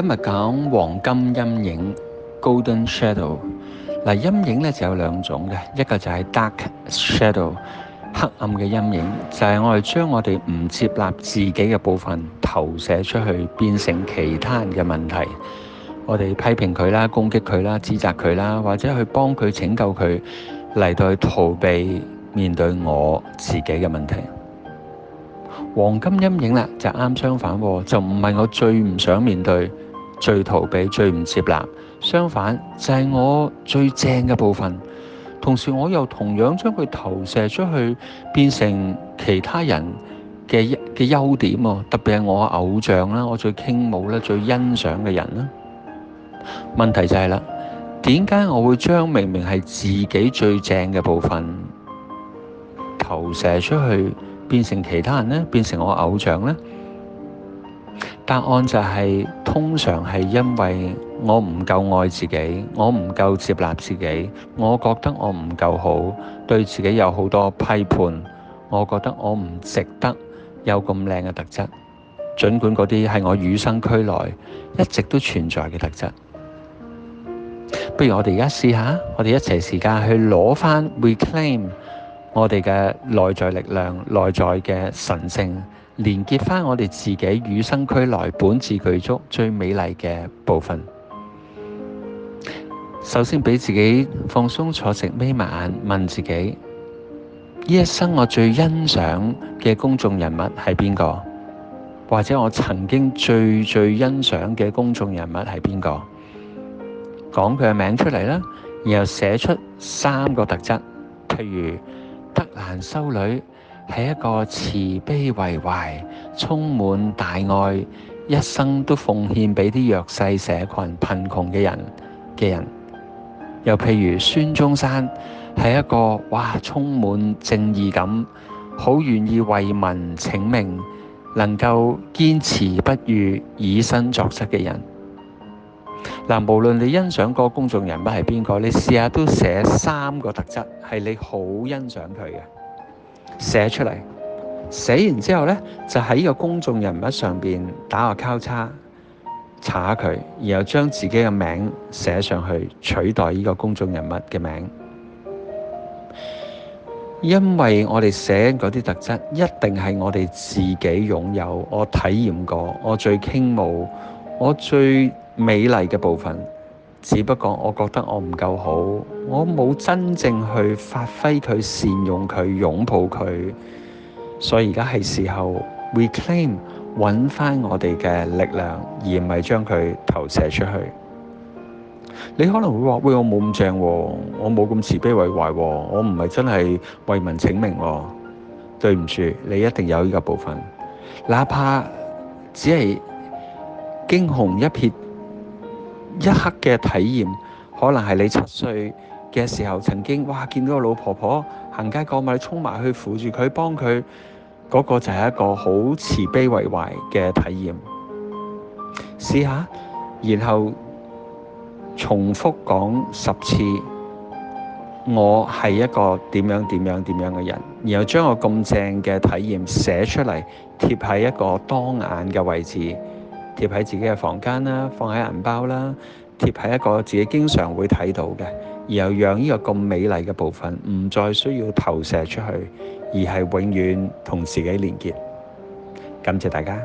今日講黃金陰影 （Golden Shadow）。嗱，陰影咧就有兩種嘅，一個就係 Dark Shadow，黑暗嘅陰影，就係我哋將我哋唔接納自己嘅部分投射出去，變成其他人嘅問題。我哋批評佢啦，攻擊佢啦，指責佢啦，或者去幫佢拯救佢，嚟到去逃避面對我自己嘅問題。黃金陰影啦，就啱相反，就唔係我最唔想面對。最逃避、最唔接納，相反就係、是、我最正嘅部分。同時我又同樣將佢投射出去，變成其他人嘅嘅優點哦。特別係我偶像啦，我最傾慕咧、最欣賞嘅人啦。問題就係、是、啦，點解我會將明明係自己最正嘅部分投射出去，變成其他人呢？變成我偶像呢？答案就係，通常係因為我唔夠愛自己，我唔夠接納自己，我覺得我唔夠好，對自己有好多批判，我覺得我唔值得有咁靚嘅特質，儘管嗰啲係我與生俱來一直都存在嘅特質。不如我哋而家試下，我哋一齊時間去攞翻 reclaim 我哋嘅內在力量、內在嘅神性。連結翻我哋自己與生俱來、本自具足最美麗嘅部分。首先俾自己放鬆坐直，眯埋眼，問自己：呢一生我最欣賞嘅公眾人物係邊個？或者我曾經最最欣賞嘅公眾人物係邊個？講佢嘅名出嚟啦，然後寫出三個特質，譬如德蘭修女。係一個慈悲為懷、充滿大愛、一生都奉獻俾啲弱勢社群、貧窮嘅人嘅人。又譬如孫中山，係一個哇，充滿正義感，好願意為民請命，能夠堅持不渝、以身作則嘅人。嗱，無論你欣賞個公眾人物係邊個，你試下都寫三個特質，係你好欣賞佢嘅。寫出嚟，寫完之後呢，就喺呢個公眾人物上邊打個交叉，查下佢，然後將自己嘅名寫上去，取代呢個公眾人物嘅名。因為我哋寫嗰啲特質，一定係我哋自己擁有，我體驗過，我最傾慕，我最美麗嘅部分。只不過我覺得我唔夠好，我冇真正去發揮佢，善用佢，擁抱佢，所以而家係時候 reclaim 揾翻我哋嘅力量，而唔係將佢投射出去。你可能會話：喂，我冇咁正喎、啊，我冇咁慈悲為懷喎、啊，我唔係真係為民請命喎、啊。對唔住，你一定有呢個部分，哪怕只係驚鴻一瞥。一刻嘅體驗，可能係你七歲嘅時候曾經，哇見到個老婆婆行街購咪，你衝埋去扶住佢，幫佢，嗰、嗰個就係一個好慈悲為懷嘅體驗。試下，然後重複講十次，我係一個點樣點樣點樣嘅人，然後將我咁正嘅體驗寫出嚟，貼喺一個當眼嘅位置。貼喺自己嘅房間啦，放喺銀包啦，貼喺一個自己經常會睇到嘅，然後讓呢個咁美麗嘅部分唔再需要投射出去，而係永遠同自己連結。感謝大家。